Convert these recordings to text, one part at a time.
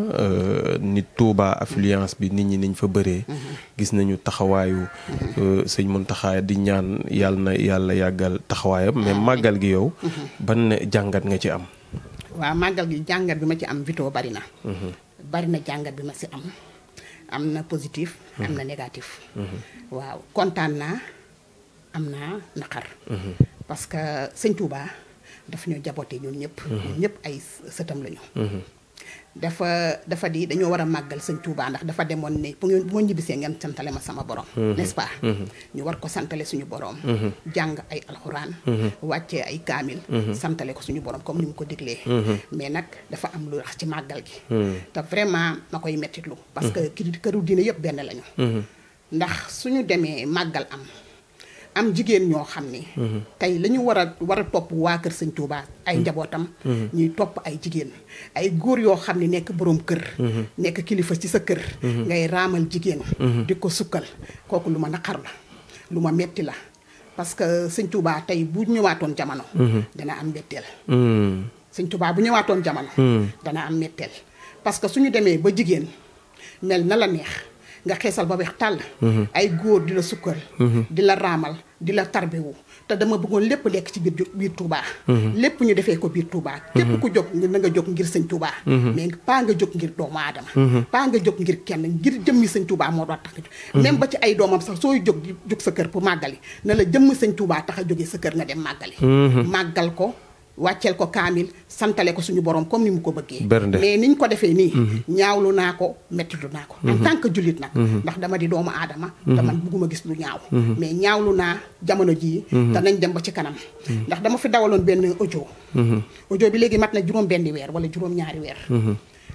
Euh, nit Touba affluence bi nit ñi niñ fa bëree gis nañu taxawaayu euh, sëñ Mountakha di ñaan yàlla na yàlla yàggal taxawaayam mais màggal gi yow ban jàngat nga ci am waa màggal gi jàngat bi ma ci am Vito bari na bari na jàngat bi ma si am am na positif am na négatif waaw kontaan naa am naa naqar parce que sëñ Touba daf ñoo jabote ñun ñëpp ñun ay sëtam lañu dafa dafa di dañoo war a màggal sëñ Touba ndax dafa demoon ne bu ngeen bu ma ñibbisee ngeen santale ma sama borom. Mhm. n'est-ce pas. Mhm. ñu war ko santale suñu borom. Mhm. jàng ay alxuraan. wàccee ay kaamil. santale ko suñu borom comme ni mu ko diglee. mais nag dafa am lu rax ci màggal gi. te vraiment ma koy mettitlu parce que këru diine yëpp benn lañu. ndax suñu demee màggal am. am jigéen ñoo xam ni. Mhm. tey lañu war a war a topp waa kër sëñ Touba ay mhm. njabootam. Mhm. ñuy topp ay jigéen ay góor yoo xam ne nekk boroom kër. nekk kilifa ci sa kër. ngay raamal jigéen. di ko sukkal kooku lu ma naqar la lu ma metti la parce que sëñ Touba tey bu ñëwaatoon jamono. dana am mbetteel. sëñ Touba bu ñëwaatoon jamono. dana am mbetteel parce que suñu demee ba jigéen mel na la neex. nga xeesal ba weex tàll mhm. ay góor di la sukkal mhm. di la raamal di la tarbiwu te dama bëggoon lépp lekk ci biir biir Touba mhm. lépp ñu defee ko biir Touba képp ku jóg na nga jóg ngir sañ Touba mais paa nga jóg ngir doomu aadama pas nga jóg ngir kenn ngir jëmmi sañ Touba moo doon tax a jóg même ba ci ay doomam sax sooy jóg jóg sa kër pour màggali na la jëmm sañ Touba tax a jóge sa kër nga dem màggali màggal ko wàcceel ko kaamil santale ko suñu borom comme ni mu ko bëggee mais niñ ko defee nii mhm. ñaawlu naa ko méttilu naa ko en mhm. tant que jullit nag mhm. ndax dama di doomu aadama te man bugguma gis lu ñaaw mais ñaawlu naa jamono jii te nañ dem ba ci kanam ndax dama fi dawaloon benn audio audio bi léegi mat na juróom benni weer wala juróom ñaari weer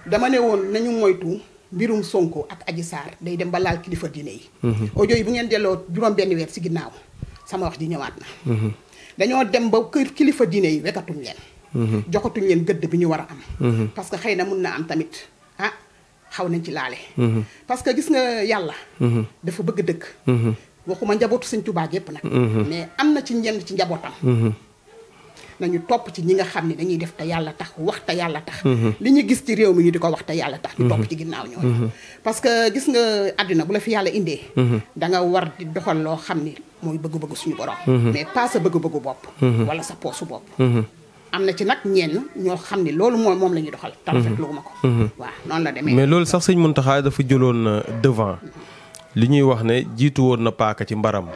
dama ne woon nañu moytu mbirum Sonko ak Adji Sarr day dem ba laal kilifa diine yi audio yi bu ngeen delloo juróom benn weer si ginnaaw sama wax ji ñëwaat na dañoo dem ba kër kilifa diine yi wekatuñ leen mhm. joxatuñ leen gëdd bi ñu war a am mhm. parce que xëy na mun na am tamit ah xaw nañ ci laale mhm. parce que gis nga yàlla dafa bëgg dëkk waxuma njabootu sëñ Tuubaa gépp nag mais am na ci ñenn ci njabootam nañu topp ci ñi nga xam ne dañuy def te yàlla tax wax te yàlla tax mhm. li ñu gis ci réew mi ñu di ko wax te yàlla tax ñu topp mhm. ci ginnaaw ñooñu mhm. parce nga àddina la fi yàlla indee war di doxal loo xam ni mooy bëgg-bëgg suñu borom mais pas bëggu bopp wala sa poosu bopp am na ci nag ñenn ñoo xam ne loolu moom moom la ñuy doxal tarafet luuma ko waaw noonu la demee loolu sax sëñ Mountakha dafa jëloon euh, devant li ñuy wax ne jiitu woon na paaka ci mbaram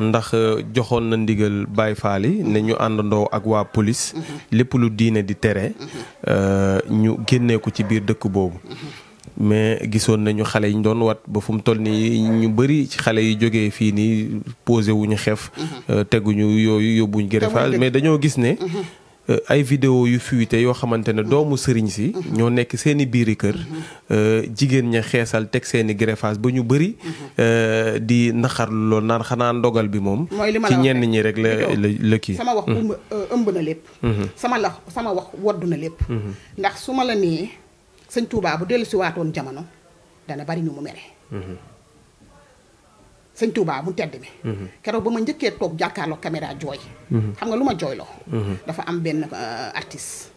ndax euh, joxoon na ndigal Baye fali yi ne ñu àndandoo ak waa police mm-hmm. lépp lu diine di tere mm-hmm. euh, ñu génnee ko ci biir dëkk boobu mm-hmm. mais gisoon nañu xale yi ñu doon wat ba fu mu toll nii ñu bëri ci xale yi jóge fii nii posé wuñu xef euh, teguñu yooyu yóbbuñu gërëfaal mais dañoo gis ne ay vidéo yu fuité yoo xamante ne doomu sëriñ si ñoo nekk seen i biiri kër euh, jigéen ña xeesal teg seen i greffage ba ñu bëri euh, di naxarlu lool naan xanaa ndogal bi moom ci ñenn ñi rek la la la sama wax ëmb euh, na lépp mhm. sama la sama wax wodd na lépp mhm. ndax su ma la nee sëñ Tuubaa bu dellu si waatoon jamono dana bari ñu mu mere mhm. sëñ Touba mu tedd mi. Mhm. keroog ba ma njëkkee toog jàkkaarloo caméra jooy. Mhm. xam nga lu ma jooyloo. Mhm. dafa am benn euh, artiste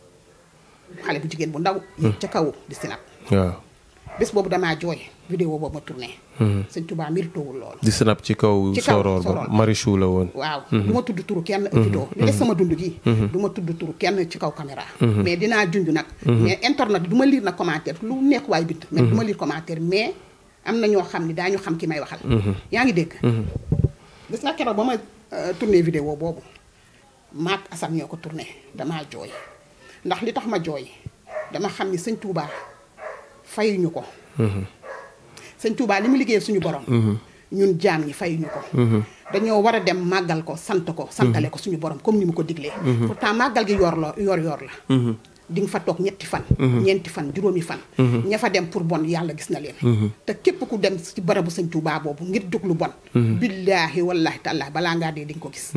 xale bu jigéen bu ndaw. yéeg ca kaw di sinap. waaw bés boobu damaa jooy. vidéo boobu ma tourné. sëñ Touba mérito wul loolu. di sinap ci kaw. ci kaw soroor ba Marichou la woon. waaw du tudd turu kenn. vidéo li des sama dund gi. du ma tudd turu kenn ci kaw caméra. mais dinaa junj nag. mais internet du ma lire nag lu nekk waay mais du ma lire am na ñoo xam ni daañu xam ki may waxal. Mhm. yaa ngi dégg. Mhm. gis nga keroog ba ma euh, tourné vidéo boobu maak Assane ñoo ko tourné damaa jooy ndax li tax ma jooy dama xam ni sëñ Touba fayuñu ko. Mhm. sëñ Touba li mu liggéey suñu borom. ñun jaam ñi fayuñu ko. dañoo war a dem màggal ko sant ko. santale ko suñu borom comme ni mu ko diglee. pourtant màggal gi yoor la yor yor la. di nga fa toog ñetti fan. Mhm. ñeenti fan juróomi fan. Mhm. ña fa dem pour bon yàlla gis na leen. Mhm. te képp ku dem ci barabu sëñ Tuubaa boobu ngir dugg lu bon. billaahi wallaahi taalaa balaa ngaa dee di nga ko gis.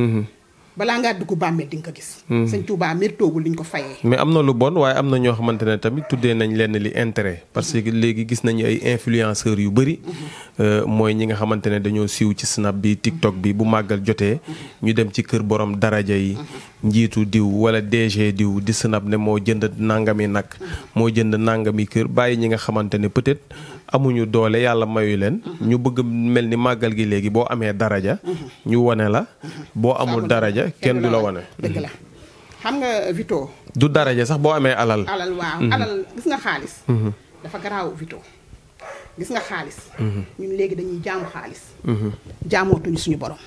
balaa ngaa dugg bàmmeel di nga ko gis. sëñ Tuubaa méritoogul li ñu ko fayee. mais am na lu bon waaye am na ñoo xamante ne tamit tuddee nañ leen li intérêt parce que léegi gis nañu ay influenceurs yu bëri. Euh, mooy ñi nga xamante ne dañoo siiw ci snap bi tiktok bi bu màggal jotee. ñu dem ci kër borom daraja yi. njiitu diw wala DG diw di snap ne moo jënd nangami nag moo jënd nangami kër bàyyi ñi nga xamante ne peut-être amuñu doole yàlla mayu leen. ñu bëgg mel ni màggal gi léegi boo amee daraja. ñu wone la boo amul daraja kenn du la wane. xam nga Vito. du daraja sax boo amee alal. alal waaw mhm. gis nga xaalis. Mhm. dafa garaaw Vito. gis nga xaalis. Mhm. ñun léegi dañuy jaamu xaalis. jaamootuñu suñu borom.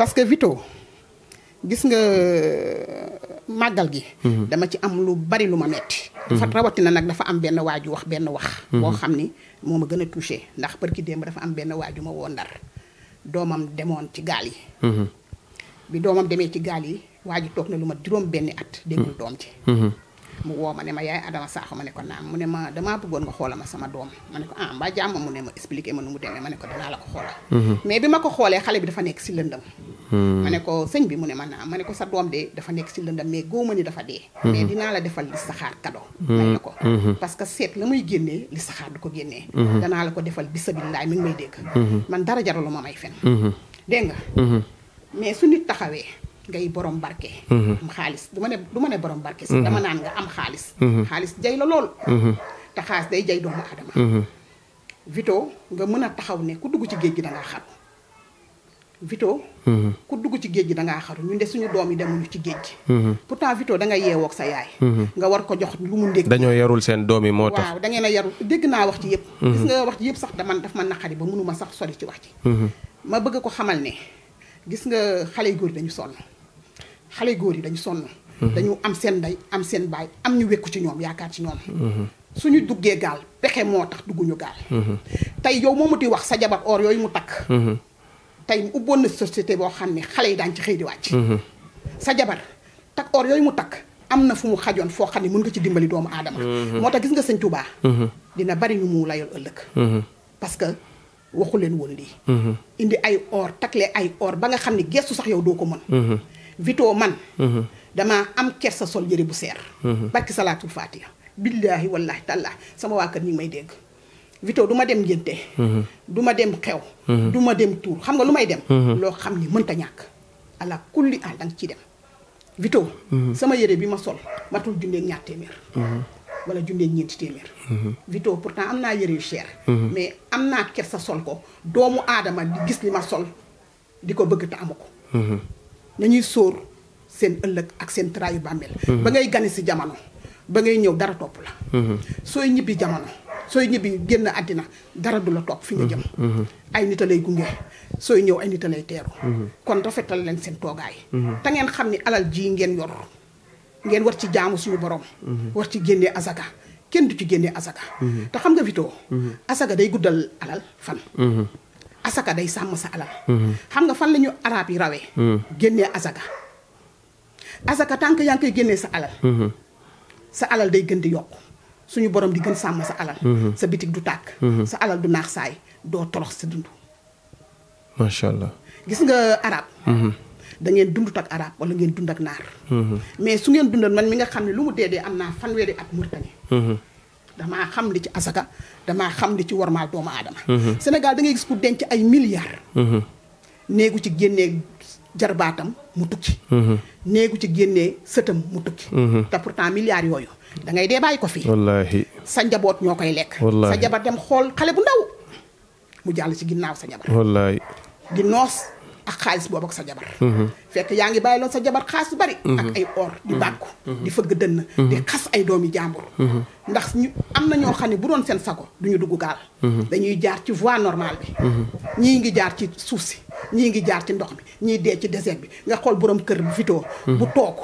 parce que gis nga euh, màggal gi. Mhm. dama ci am lu bari lu ma metti dafa mhm. rawatina nag dafa am benn waaju wax benn wax. Mhm. boo xam ni moo ma gën a touché ndax ki démb dafa am benn waaju ma woo ndar doomam demoon ci gaal yi. bi doomam demee ci gaal yi waaju toog na lu ma juróom benni at. déggul doom ci. mu woo ma ne ma yaay Adama Sakho ma ne ko naam mu ne ma damaa bëggoon nga xoola ma sama doom ma ne ko ah mbaa jàmm mu ne ma expliqué ma ne ko danaa la ko xoola mhm. mais bi ko xoolee bi dafa nekk si lëndëm hmm. ma ne ko sëñ bi mu ne ma naam ma ne ko sa doom de dafa nekk si lëndëm mais góoma hmm. dinaa la defal saxaar kado may la ko hmm. parce que seet la muy génnee li saxaar du ko génnee danaa la ko defal bisabillaay mi ngi may dégg man dara jarul ma may fen dégg nga mais su nit taxawee ngay borom barke. Mhm. xaalis du ma ne du ma ne borom barke. sax dama mhm. naan nga am xaalis. Mhm. xaalis jay la lool. te day jay doomu aadama. Vito nga mën a taxaw ne ku dugg ci géej gi danga ngaa xaru. Vito. ku dugg ci géej gi da ngaa xaru ñun de suñu doom yi demuñu ci géej gi. pourtant Vito da nga yeewoog sa yaay. nga war ko jox lu mu ndékki. dañoo yarul seen doom yi moo tax. waaw da ngeen a yarul dégg naa wax ci yëpp. gis nga wax ci yëpp sax dama daf ma naqari ba mënuma sax sori ci wax ci. ma bëgg ko xamal ne gis nga xale yu góor dañu xale góor yi dañu sonn. Mhm. dañu am seen ndey am seen baay am ñu wekku ci ñoom yaakaar ci ñoom. Mhm. suñu duggee gaal pexe moo tax dugguñu gaal. Mhm. tey yow moomu di wax sa jabar or yooyu mu takk. tey ubboon na société boo xam ne xale yi daañu ci xëy di wàcc. sa jabar takk or yooyu mu takk am na fu mu xajoon foo xam ne mën nga ci dimbali doomu aadama. moo tax gis nga sëñ Touba. dina bari ñu mu layol ëllëg. parce que waxu leen woon lii. indi ay or takk leen ay or ba nga xam ne gestu sax yow doo ko mën. Vito man. Mm-hmm. damaa am sa sol yëre bu seer. Mm-hmm. barki salaatul faatiha billaahi wallaahi tallaahi sama waakar kër ñu ngi may dégg. Vito duma ma dem ngénte. Mm-hmm. du ma dem xew. du ma dem tuur xam nga lu may dem. loo xam ni mënta ñàkk. ala kulli al da nga dem. Vito. sama yére bi ma sol matul junneeg ñaar téeméer. wala junneeg ñeenti téeméer. Vito pourtant am naa yére yu cher. mais am naa sa sol ko doomu aadama di gis li ma sol di ko bëgg te amu ko. na ñuy soor seen ëllëg ak seen traayu bàmmeel mhm. ba ngay gane si jamono ba ngay ñëw dara topp la mhm. sooy ñibbi jamono sooy ñibbi génn àddina dara du la topp fi nga mhm. jëm ay nit a lay gunge sooy ñëw ay nit a lay teeru kon rafetal leen seen toogaay te ngeen xam ni alal ji ngeen yor ngeen war ci jaamu suñu borom war ci génnee asaka kenn du ci génnee asaka te xam nga Vito asaka day guddal alal fan asaka day sàmm sa alal. Mm-hmm. xam nga fan la ñu arab yi rawee. Mm. génnee asaka. asaka tànk yaa ngi koy génnee sa alal. Mm-hmm. sa alal day gën di yokku suñu borom di gën sàmm sa alal. Mm-hmm. sa bitig du tàkk. sa alal du naax saay doo torox sa dund. macha allah gis nga arab. da ngeen dundut ak arab wala ngeen dund ak naar. mais su ngeen dundoon man mi nga xam ne lu mu dee dee am naa fanweeri at Mauritanie. damaa xam li ci asaka damaa xam li ci warmaal doomu aadama. Mhm. Sénégal da ngay gis ku denc ay milliards. Mhm. néegu ci génnee jarbaatam mu tukki. Mhm. néegu ci génnee sëtam mu tukki. te pourtant milliards yooyu da ngay dee bàyyi ko fii. wallaahi sa njaboot ñoo koy lekk. sa jabar dem xool xale bu ndaw mu jàll ci ginnaaw sa jabar. wallaahi di noos. ak xaalis boobu ak sa jabar mhm. fekk yaa ngi bàyyi loon sa jabar xaalis bu bari mhm. ak ay or di mhm. bàkku di fëgg dënn di xas ay doom doomi jàmbur ndax ñu am na ñoo xam ne bu doon seen sago du ñu dugg gaal dañuy jaar ci voie normal bi ñii ngi jaar ci suuf si ñii ngi jaar ci ndox mi ñii dee ci désert bi nga xool borom kër bu fitoo bu toog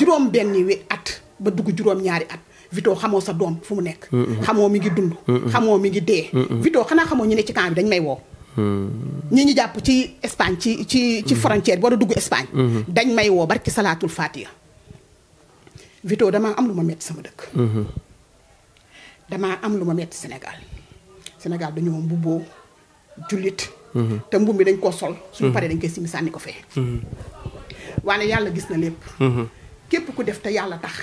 juróom benn wi at ba dugg juróom ñaari at Vito xamoo sa doom fu mu nekk. xamoo mi ngi dund. xamoo mi ngi dee. Vito xanaa xamoo ñu ne ci camp dañ may woo. Euh, ñi ñu jàpp ci Espagne ci ci ci mhm. frontière bi war a dugg Espagne. Mhm. dañ may woo barki salaatul fatiha. Vito damaa am lu ma metti sama dëkk. Mhm. damaa am lu ma metti Sénégal Sénégal dañoo mbubboo jullit. te mbub mi dañ koo sol. suñu paree dañ koy simi sànni ko fee. waane yàlla gis na lépp. képp ku def te yàlla tax.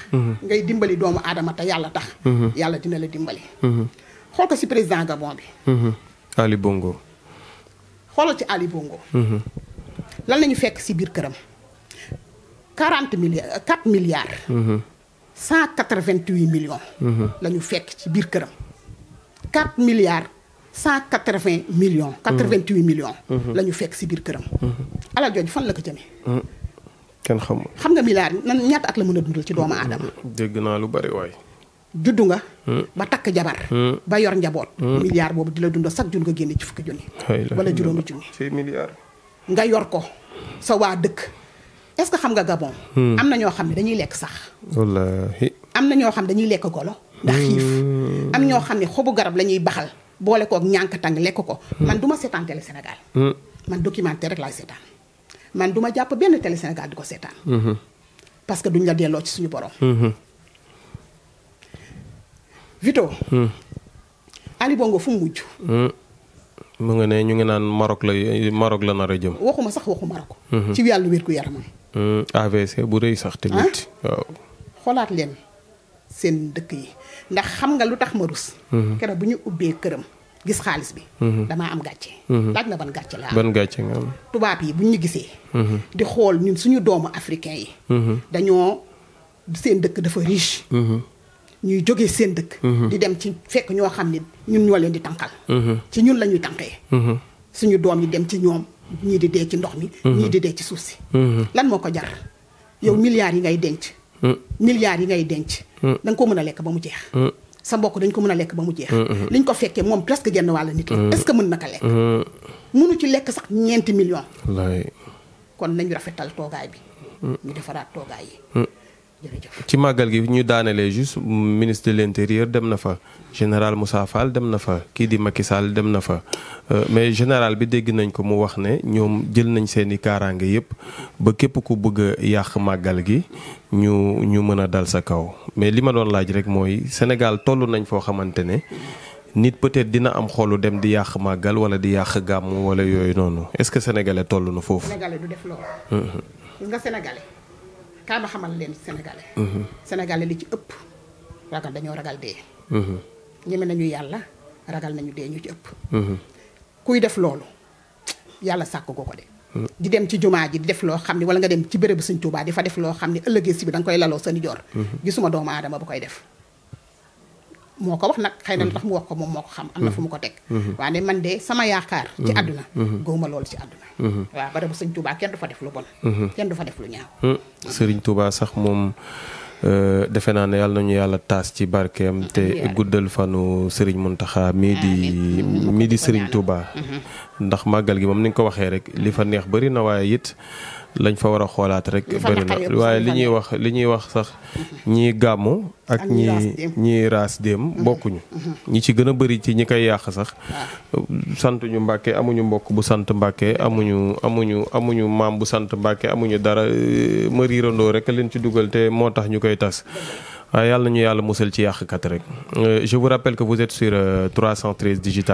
ngay dimbali doomu aadama te yàlla tax. yàlla dina la dimbali. xool ko ci président Gabon bi. Ali xoolal ci Ali Bongo. Mhm. lan la ñu fekk si biir këram. 40 milliards 4 milliards. 188 millions. Mhm. la fekk ci biir këram. 4 milliards 180 millions. 88 mhm. millions. la ñu fekk si biir këram. alal jooju fan la ko jëmee. Hmm. kenn xamul xam nga milliards nan ñaata at la mën a dundal ci doomu aadama. Hmm. dégg naa lu bari waay. juddu nga. Hmm. ba takk jabar. Hmm. ba yor njaboot. Hmm. milliard boobu di la dund chaque jour nga génne ci fukki junni. wala juróomi junni. nga yor ko sa waa dëkk. est-ce que xam nga Gabon. am na ñoo xam ne dañuy lekk sax. wallaahi. am na ñoo xam ne dañuy lekk golo. ndax xiif am ñoo xam ne xobu garab la ñuy baxal boole kook koog ñànkatang lekk ko. man du ma seetaan télé Sénégal. man documentaire rek laay seetaan. man du ma jàpp benn télé senegal di ko seetaan. parce que duñ la delloo ci suñu borom. Vito. Hmm. Ali fu mu mujj. Hmm. mu nga ne ñu ngi naan Maroc la Maroc la nar a waxuma sax waxu Maroc. Hmm. ci wàllu wér gu yaramam. AVC bu rëy sax tamit. Ah. xoolaat leen seen dëkk yi ndax xam nga lu tax ma rus. keroog bu ñu ubbee këram gis xaalis bi. damaa am gàcce. laaj na ban gàcce laa am ban tubaab yi bu ñu gisee. di xool ñun suñu doomu africain yi. dañoo seen dëkk dafa riche. ñuy jógee seen dëkk. Mhm. di dem ci fekk ñoo xam ne ñun ñoo leen di tànkal. Mhm. ci ñun la ñuy tànkee. Mhm. suñu doom yi dem ci ñoom ñii di dee ci ndox mi. ñii di dee ci suuf si. lan moo ko jar yow milliards yi ngay denc. milliards yi ngay denc. da nga ko mën a lekk ba mu jeex. sa mbokk dañ ko mën a lekk ba mu jeex. li ko fekkee moom presque genn wàll nit la. est-ce que mën na ko lekk. mënu ci lekk sax ñeenti millions. wallaay kon nañu rafetal toogaay bi. ñu defaraat toogaay yi. ci màggal gi ñu daanelee juste ministre de l' intérieur dem na fa général Moussa Fall dem na fa kii di Macky Sall dem na fa euh, mais général bi dégg nañ ko mu wax ne ñoom jël nañ seen i kaaraange yëpp ba képp ku bëgg a yàq màggal gi ñu ñu mën a dal sa kaw mais li ma doon laaj rek mooy Sénégal toll nañ foo xamante ne nit peut-être dina am xoolu dem di yàq màggal wala di yàq gàmm wala yooyu noonu est-ce que sénégalais toll na foofu. kaa xamal leen sénégalais. Mhm. sénégalais li ci ëpp ragal dañoo ragal dee. Mhm. ñeme nañu yàlla ragal nañu dee ñu ci ëpp. Mhm. kuy def loolu yàlla sàkk ko ko de. di dem ci jumaa ji di def loo xam ne wala nga dem ci bérébu Sëñ Tuubaa di fa def loo xam ne ëllëgee si bi da nga koy laloo sa nijoor. gisuma doomu aadama bu koy def. moo ko wax nag xëy na lu mhm. tax mu wax ko moom moo ko xam am na fu mu ko teg mhm. mhm. waa ne man de sama yaakaar ci àdduna gowma loolu ci àdduna waaw bara bu sëñ fa def lu bon kenn du fa def lu ñaaw sëriñ Touba sax moom euh, defe naa ne yàlla nañu yàlla taas ci barkeem te guddal fanu sëriñ Muntaxa mii di mii di sëriñ Touba ndax màggal gi moom ni nga ko waxee rek li fa neex bëri na waaye it lañ fa war a xoolaat rek bëri na waaye li ñuy wax li ñuy wax sax ñii gàmmu ak ñi ñi raas déem mhm. bokkuñu mhm. ñi ci gën a bëri ci ñi koy yàq sax santuñu ñu mbàkke amuñu mbokk bu sant mbàkke amuñu amuñu amuñu maam bu sant mbàkke amuñu dara ma riirandoo rek leen ci dugal te moo tax ñu koy tas waaye yàlla ñu yàlla musal ci yàqkat rek euh, je vous rappelle que vous êtes sur 313 euh, digital